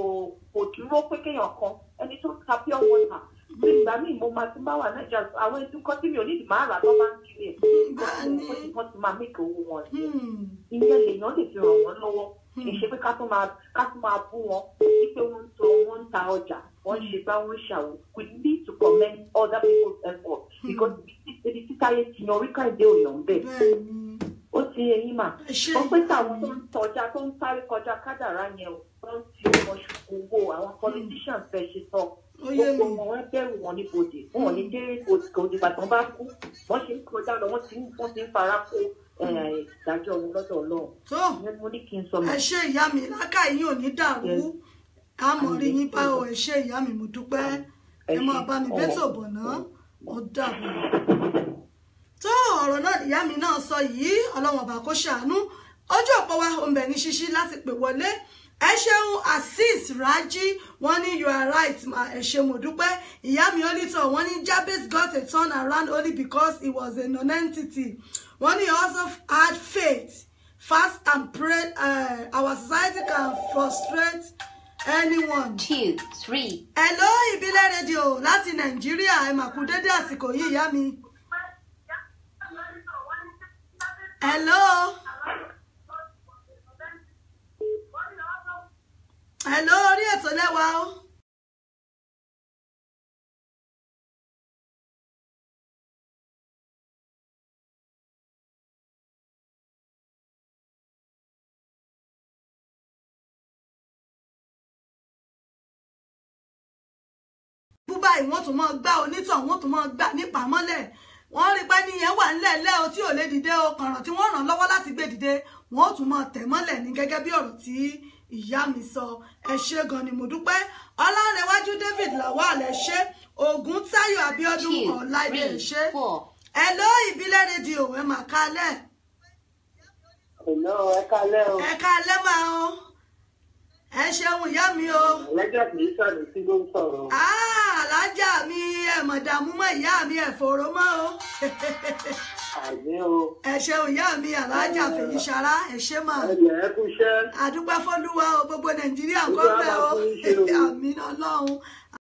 kò dúró pé kéèyàn kan ẹni tó ta pure water bí mm-hmm. ìgbà míì mo máa ti bá wà náà àwọn ẹni kan tí mi ò ní ìdìbò àrà tó máa ń kiri ẹ̀ mm-hmm. wọ́n ti máa mékè owó wọn sí mm-hmm. ìyẹn lèèyàn lè fi ràn wọ́n lọ́wọ́ ìṣe pé ká tún máa bú wọn wípé wọ́n ń tọ wọ́n ń ta ọjà wọ́n ṣe bá wọ́n ṣàwò we need to commend other people's effort because ibi títáyé ti yan orí òyàn bẹ́ẹ̀ ó ti eyín mà wọ́n pé táwọn tó ń tọjá tó ń sáré kọjá kádàrá yẹn o wọ́n ti ọmọ ṣòkòwò àwọn hmm. politicians fẹ́ ṣe sọ gbogbo wọn wọ́n bẹ̀rù wọn ní bòdì wọn ò ní dé òdì pàtàkì bá kú wọ́n ṣe ń kọjá lọ wọ́n ti ń fara kó ìdájọ́ wọn lọ́dọ̀ ọlọ́run. tó ẹ ṣé ìyá mi láká yín ò ní dàrú àmọ̀rí yín bá ọ ẹ ṣé ìyá mi mo dúpẹ́ ẹ máa bá mi bẹ́tò bọ̀ náà ó dàbọ̀ ọ̀rọ̀ náà ìyá mi náà sọ yìí ọlọ́run ọba kó ṣàánú ojú òpó wa ò ń bẹ̀ ní ṣíṣí láti pè wọlé ẹ ṣeun Azeez Raji wọ́n ní you are right ma ẹ ṣe mo dúpẹ́ ìyá mi onítọ̀ wọ́n ní Jabez got a turn around only because he was a non-entity wọ́n ní he also had faith fast and pray uh, our society can frustrate anyone. two three. hello ìbílẹ̀ rédíò láti nàìjíríà ẹ mà kú dédé àsìkò yìí ìyá mi. hello. hello orí ètò lẹ́wà o. báyìí wọ́n tún mọ́ gbá onítàn wọ́n tún mọ́ gbà nípamọ́lẹ̀ wọ́n rí pé ní yẹn wà ńlẹ̀ ńlẹ̀ o tí ò lè dìde o kànràn tí wọ́n ràn lọ́wọ́ láti gbé dìde wọ́n ó tún máa tẹ̀ mọ́lẹ̀ ní gẹ́gẹ́ bí ọ̀rọ̀ tí ìyá mi sọ ẹ ṣé gan ni mo dúpẹ́ ọlárẹwájú David lawal ẹ ṣé ogun tayo abiodun ọláìdé ẹ ṣé ẹ ló ìbílẹ̀ rédíò ẹ mà kálẹ̀. ẹ kálẹ̀ o. ẹ kálẹ̀ máa o ẹ ṣeun ìyá mi o. alájà mi sàlẹ̀ tí ló ń sọ̀rọ̀. Ah, alájà mi ẹ mọ̀ dààmú mọ́ ìyá mi ẹ fòrò mọ́ o. àmì o. ẹ ṣeun ìyá mi alájà ah. fèyí sara ẹ ṣe mà. ẹ̀yà ẹ kú iṣẹ́. àdúgbò fọ́lúwa o gbogbo nàìjíríà kọ́ bẹ́ẹ̀ o [LAUGHS] àmì ọlọ́run.